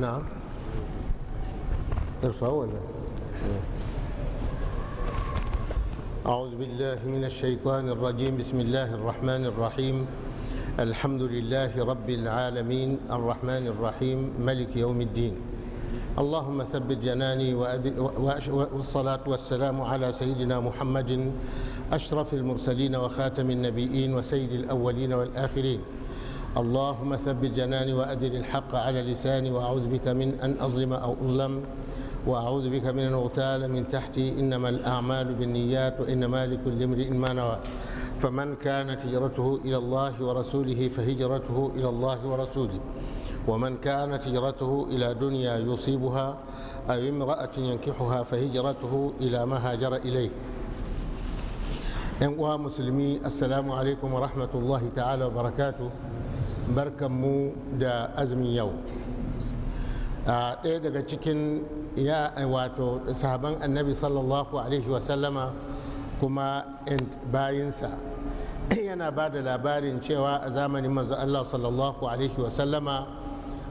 نعم ارفعوا ولا أعوذ بالله من الشيطان الرجيم بسم الله الرحمن الرحيم الحمد لله رب العالمين الرحمن الرحيم ملك يوم الدين اللهم ثبت جناني والصلاة والسلام على سيدنا محمد أشرف المرسلين وخاتم النبيين وسيد الأولين والآخرين اللهم ثبت جناني وأدل الحق على لساني وأعوذ بك من أن أظلم أو أظلم وأعوذ بك من أن أغتال من تحتي إنما الأعمال بالنيات وإنما لكل امرئ ما نوى فمن كانت هجرته إلى الله ورسوله فهجرته إلى الله ورسوله ومن كانت هجرته إلى دنيا يصيبها أو امرأة ينكحها فهجرته إلى ما هاجر إليه ‘yan مسلمي السلام عليكم ورحمة الله تعالى وبركاته barkanmu da azumin yau a ɗaya daga cikin ya wato sahaban annabi sallallahu alaihi wasallama kuma bayinsa yana ba da labarin cewa a zamanin manzo Allah sallallahu alaihi wasallama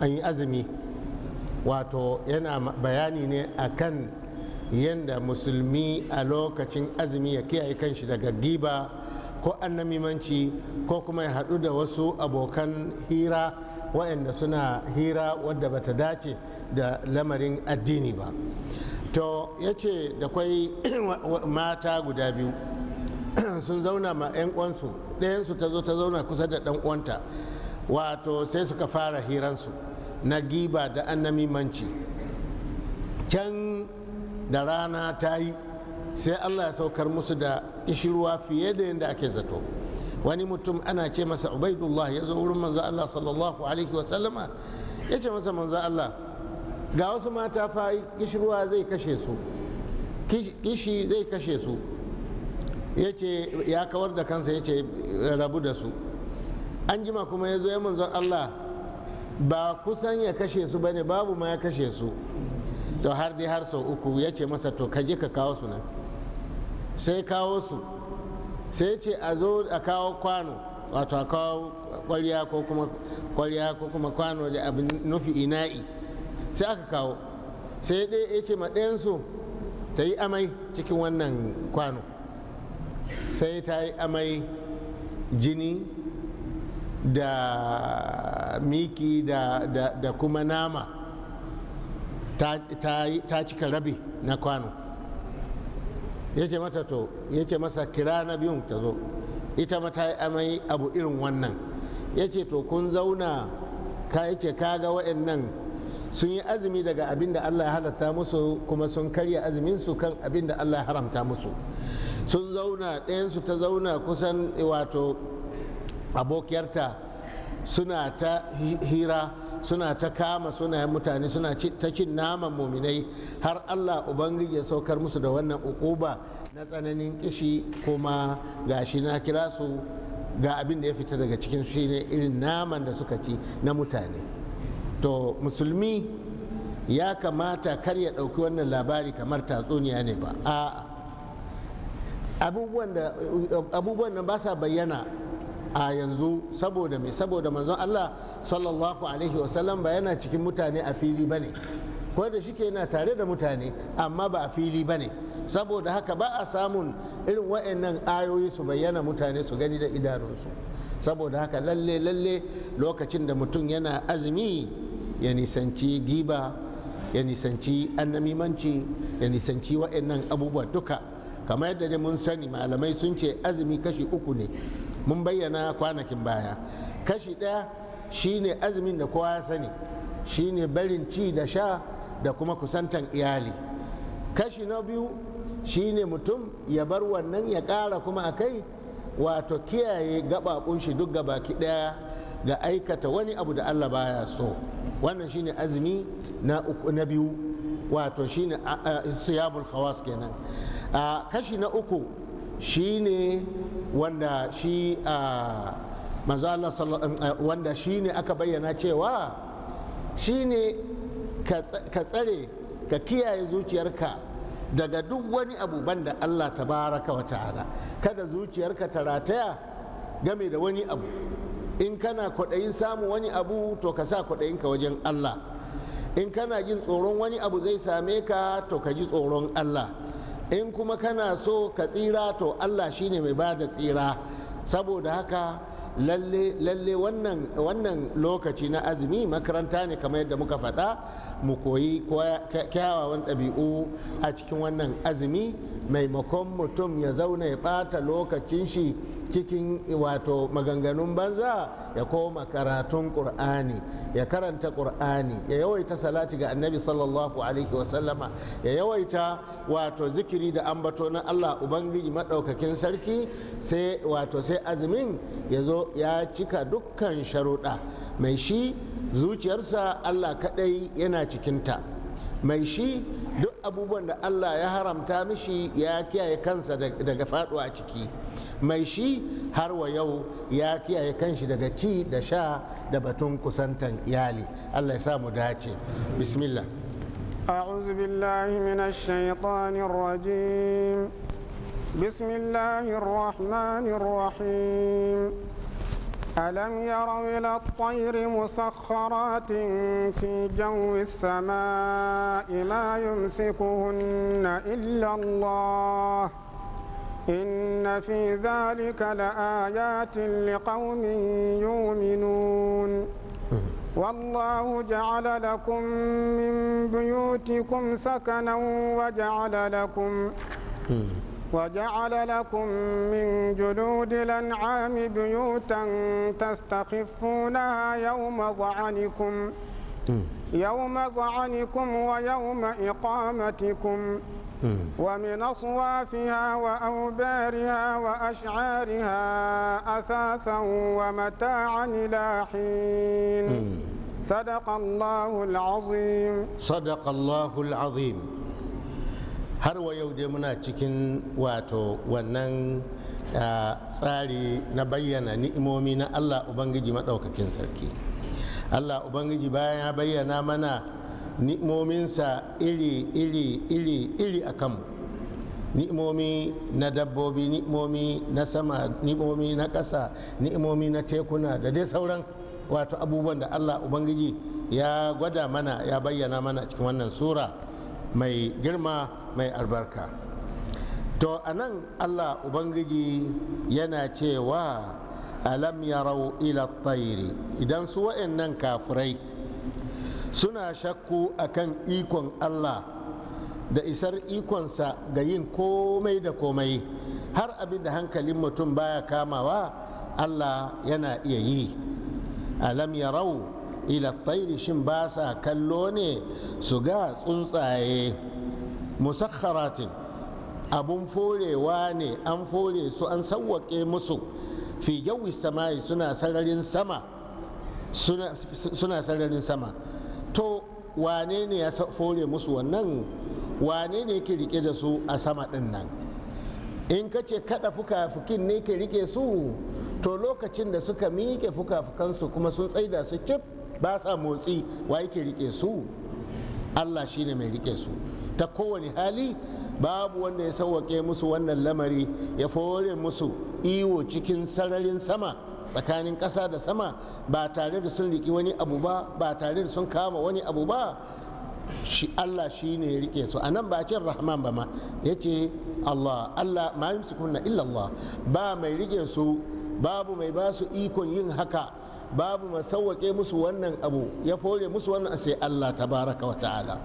an yi azumi wato yana bayani ne akan yadda musulmi a lokacin azumi ya kiyaye kanshi daga giba ko annamimanci ko kuma ya haɗu da wasu abokan hira waɗanda suna hira wadda bata dace da lamarin addini ba to ya ce da kwai mata guda biyu sun zauna ma 'yan uwansu ɗayansu ta zo ta zauna kusa da ɗan uwanta wato sai suka fara hiransu na giba da annamimanci can da rana ta yi sai allah ya saukar musu da kishirwa fiye da yadda ake zato wani mutum ana ce masa ubaidullah ya zo wurin manzo allah sallallahu alaihi sallama ya ce masa manzo allah ga wasu mata fa kishirwa zai kashe su kishi zai kashe su ya ce ya kawar da kansa ya ce rabu da su an jima kuma ya zo ya manzon allah ba kusan ya kashe su ba ne babu ma ya kashe su to har dai har sau uku ya ce masa to je ka kawo su nan sai kawo su sai ce a zo a kawo kwano wato a kawo kwariya ko kuma kwariya ko kuma kwano da abin nufi ina'i sai aka kawo sai ɗaya ya ce ma ɗayansu ta yi amai cikin wannan kwano sai ta yi amai jini da miki da, da, kuma nama ta, ta cika rabi na kwano yace mata to ya masa kira na biyun ta zo ita mata yi amai abu irin wannan yace ce to kun zauna ka yake kaga wa'annan sun yi azumi daga abin da allah ya halatta musu kuma sun karya azumin su kan abin da allah ya haramta musu sun zauna ɗayansu ta zauna kusan wato abokiyarta suna ta hira suna ta kama sunayen mutane suna ta cin naman muminai har allah ubangiji ya saukar musu da wannan ukuba na tsananin kishi kuma gashi na kira su ga abin da ya fita daga cikin shi ne irin naman da suka ci na mutane to musulmi ya kamata kar ya ɗauki wannan labari kamar tatsuniya ne ba abubuwan da ba sa bayyana a yanzu saboda mai saboda manzon Allah sallallahu alaihi wasallam ba yana cikin mutane a fili ba ne ko da shike yana tare da mutane amma ba a fili ba ne saboda haka ba a samun irin wa'annan ayoyi su bayyana mutane su gani da idanunsu saboda haka lalle lalle lokacin da mutum yana azumi ya nisanci giba ya nisanci annamimanci ya nisanci wa'annan abubuwa duka kamar yadda mun sani malamai sun ce azumi kashi uku ne mun bayyana kwanakin baya kashi ɗaya shine azumin da kowa ya sani shine barin ci da sha da kuma kusantan iyali kashi na biyu shine mutum ya bar wannan ya ƙara kuma a kai wato kiyaye gaɓaɓun shi duk gabaki ɗaya ga aikata wani abu da allah baya so wannan shine azumi na uku na biyu wato shine siyamul khawas kenan kashi na uku shi ne wanda shi a eh, wanda shi ne aka bayyana cewa shi ne ka tsare ka kiyaye zuciyarka daga duk wani abu banda Allah ta baraka wa ta'ala kada zuciyarka ta rataya game da wani abu in kana kwaɗayin samun wani abu to ka sa kwaɗayinka wajen Allah in kana jin tsoron wani abu zai same ka to ka ji tsoron Allah in kuma kana so ka tsira to allah shine mai ba da tsira saboda haka lalle wannan lokaci na azumi makaranta ne kamar yadda muka faɗa mu koyi kyawawan ɗabi'u a cikin wannan azumi maimakon mutum ya zauna ya ɓata lokacin shi cikin wato maganganun banza ya koma karatun ƙur'ani ya karanta ƙur'ani ya yawaita salati ga annabi sallallahu alaihi wasallama ya yawaita wato zikiri da ambato na allah ubangiji maɗaukakin sarki sai wato sai azumin ya zo ya cika dukkan sharuɗa mai shi zuciyarsa allah kaɗai yana cikinta mai shi duk abubuwan da allah ya haramta mishi ya kiyaye kansa daga faɗuwa ciki mai shi har wa yau ya kiyaye kanshi daga ci da sha da batun kusantan iyali allah ya sa mu dace bismillah a'udhu billahi minash shaitanir rajim بسم الله الرحمن الرحيم ألم يروا إلى الطير مسخرات في جو السماء ما يمسكهن إلا الله إن في ذلك لآيات لقوم يؤمنون والله جعل لكم من بيوتكم سكنا وجعل لكم وجعل لكم من جلود الأنعام بيوتا تستخفونها يوم ظعنكم يوم ظعنكم ويوم إقامتكم ومن أصوافها وأوبارها وأشعارها أثاثا ومتاعا إلى حين صدق الله العظيم صدق الله العظيم هروا يودمنا تكن واتو ونن آه، ساري نبينا نئمو نئمومنا الله أبنجي مدوك كنسركي الله أبنجي بايا بينا منا ni'mominsa iri iri iri iri a kanmu ni'momi na dabbobi ni'momi na sama ni'momi na ƙasa ni'momi na tekuna da dai sauran wato abubuwan da allah ubangiji ya gwada mana ya bayyana mana cikin wannan sura mai girma mai albarka to a nan allah ubangiji yana cewa alam yarau ila tsayiri idan su waɗannan kafurai. suna shakku akan ikon Allah da isar ikonsa ga yin komai da komai har abin da hankalin mutum baya kamawa Allah yana iya yi alam yarau ila shin ba sa kallo ne su ga tsuntsaye musakharatin abun forewa ne an fore su an sawwaƙe musu fi yawi sama'i suna sararin sama suna sararin sama to wane ne ya fore musu wannan wane ne ke rike da su a sama din nan in ka ce kada fuka-fukin ne ke rike su to lokacin da suka miƙe fuka-fukansu kuma sun tsaida su cif ba sa motsi wa yake rike su allah shine mai rike su ta kowane hali babu wanda ya sauwaƙe musu wannan lamari ya fore musu iwo cikin sararin sama tsakanin ƙasa da sama ba tare da sun riƙi wani abu ba ba tare da sun kama wani abu ba shi Allah shi ne ya rike su a nan ba cin rahman ba ma ya ce Allah Allah ma yi kunna illa Allah ba mai rike su babu mai ba su ikon yin haka babu mai sauwaƙe musu wannan abu ya fore musu wannan sai Allah tabaraka wa ta'ala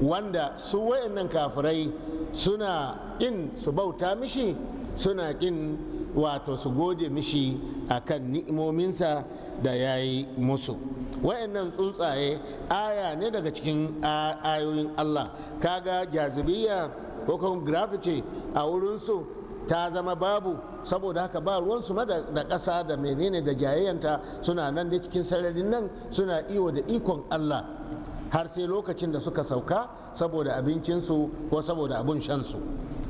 wanda su wayannan kafirai suna in su bauta mishi suna kin wato su gode mishi a kan ni'imominsa da ya yi musu wayannan tsuntsaye aya ne daga cikin ayoyin allah kaga jazibiyya ko kuma gravity a wurinsu ta zama babu saboda haka ba ruwansu ma da ƙasa da menene da jayayyanta suna nan da cikin sararin nan suna iyo da ikon allah har sai lokacin da suka sauka saboda abincinsu ko saboda abin shansu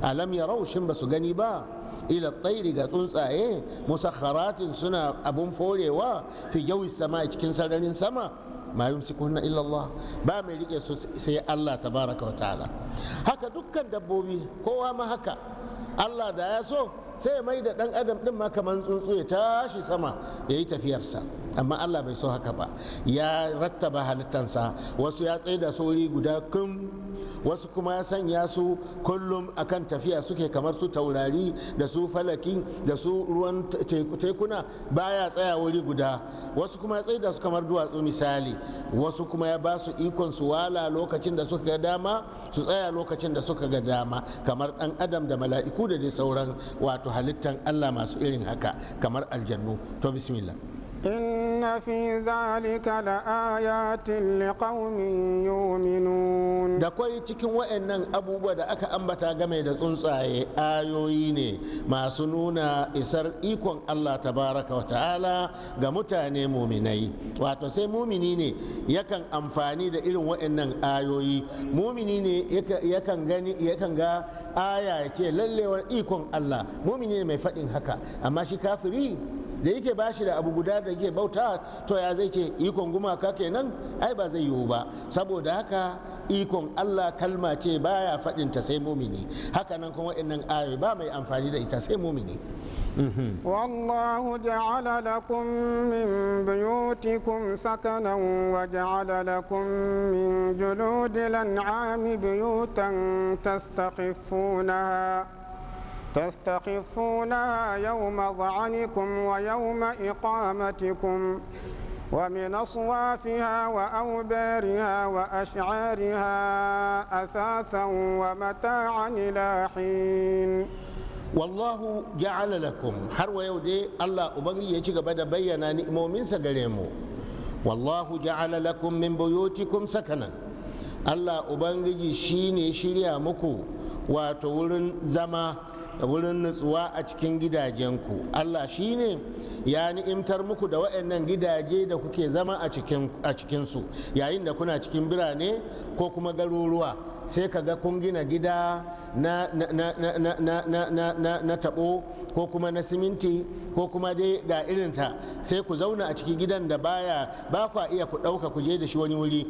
alam ya raushin ba su gani ba ila tsairi ga tsuntsaye musakharatin suna abun forewa fi jawi sama cikin sararin sama ma yumsikuhunna illa Allah ba mai rike su sai Allah tabaraka wa ta'ala haka dukkan dabbobi kowa ma haka Allah da ya so sai mai da dan adam din ma kamar tsuntsu ya tashi sama ya yi tafiyarsa amma allah bai so haka ba ya rattaba halittansa wasu ya da sauri guda kun wasu kuma ya sanya su kullum akan tafiya suke kamar su taurari da su falaki da su ruwan tekuna baya tsaya wuri guda wasu kuma ya da su kamar duwatsu misali wasu kuma ya ba su ikon su wala lokacin da suka ga dama su tsaya lokacin da suka ga dama kamar dan adam da mala'iku da dai sauran wato halittan Allah masu irin haka kamar aljannu to bismillah إن في ذلك لآيات لقوم يؤمنون da kwai cikin waɗannan abubuwa da aka ambata game da tsuntsaye ayoyi ne masu nuna isar ikon Allah Ta baraka ta'ala ga mutane muminai wato sai mumini ne yakan amfani da irin wa'annan ayoyi mumini ne yakan gani yakan ga aya ce lallewar ikon Allah mumini ne mai faɗin haka amma shi kafiri da yake bashi da abu guda da da ke bauta to ya zai ce ikon gumaka kenan ai ba zai yiwu ba saboda haka ikon Allah kalma ce baya faɗin ta sai mumini haka nan kuma wa'annan ayoyi ba mai amfani da ita sai mumini والله جعل لكم من بيوتكم سكنا وجعل لكم من جلود الانعام بيوتا تستخفونها تستخفونها يوم ظعنكم ويوم إقامتكم ومن أصوافها وأوبارها وأشعارها أثاثا ومتاعا إلى حين والله جعل لكم حروا يودي الله أبغي يجيك بدا بينا من سقريمو والله جعل لكم من بيوتكم سكنا الله أبغي شيني شريا مكو واتولن زما da wurin nutsuwa a cikin gidajenku allah shi ne ya ni'imtar muku da waɗannan gidaje da kuke zama a cikinsu yayin da kuna cikin birane ko kuma garuruwa sai ka ga kun gina gida na, taɓo ko kuma na siminti ko kuma dai ga irinta sai ku zauna a ciki gidan da baya ba kwa iya ku ɗauka ku je da shi wani wuri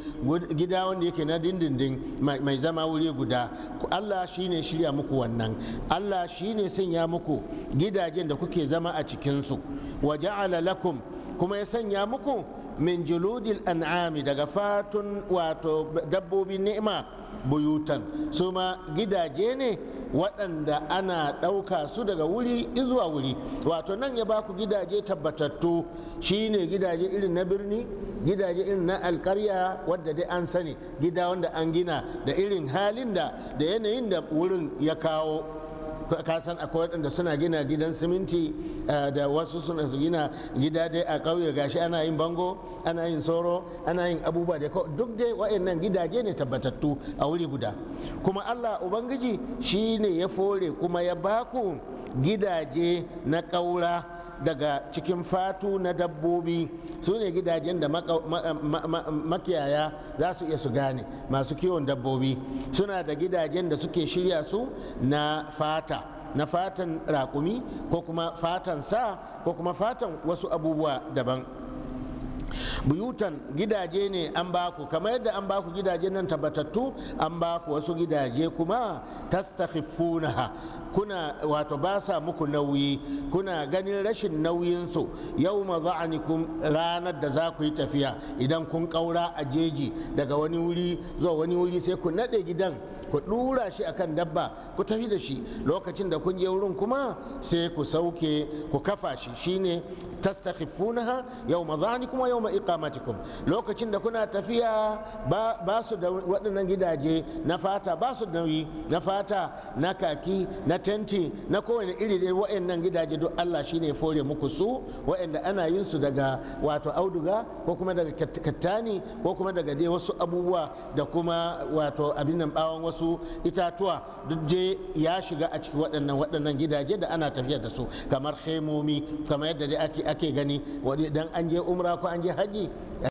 gida wanda yake na dindindin mai zama wuri guda allah shi ne shirya muku wannan allah shi ne sanya muku gidajen da kuke zama a cikinsu waje ja'ala lakum kuma ya sanya muku min juludil an'ami daga fatun wato dabbobin ni'ima buyutan su ma gidaje ne waɗanda ana ɗauka su daga wuri zuwa wuri wato nan ya baku gidaje tabbatattu shine gidaje irin na birni gidaje irin na alkarya wadda dai an sani gida wanda an gina da irin halin da da yanayin da wurin ya kawo kasan akwai waɗanda suna gina gidan siminti eh, da wasu suna gina gida dai a ƙauye gashi ana yin bango ana yin soro ana yin abubuwa da duk dai waɗannan gidaje ne tabbatattu a wuri guda kuma allah ubangiji shi ne ya fore kuma ya baku gidaje na ƙaura daga cikin fatu na dabbobi su ne gidajen da makiyaya za su iya su gane masu kiwon dabbobi suna da gidajen da suke shirya su na fata na fatan raƙumi ko kuma fatan sa ko kuma fatan wasu abubuwa daban buyutan gidaje ne an baku kamar yadda an baku gidaje nan tabbatattu an baku wasu gidaje kuma tastakhifunaha kuna wato ba sa muku nauyi kuna ganin rashin nauyinsu yau ma za'anikum ranar da za ku yi tafiya idan kun kaura a jeji daga wani wuri zuwa wani wuri sai ku naɗe gidan ku dura shi akan dabba ku tafi da shi lokacin da kun je wurin kuma sai ku sauke ku kafa shi shine tastakhifunaha yawma dhanikum wa yawma iqamatikum lokacin da kuna tafiya ba su da waɗannan gidaje na fata ba su da nauyi na fata na kaki na tenti na kowane iri da waɗannan gidaje duk Allah shine fore muku su waɗanda ana yin su daga wato auduga ko kuma daga kattani ko kuma daga dai wasu abubuwa da kuma wato abin nan bawon wasu wasu itatuwa duk je ya shiga a cikin waɗannan waɗannan gidaje da ana tafiya da su kamar hemomi kamar yadda dai ake gani wani dan an je umra ko an je haji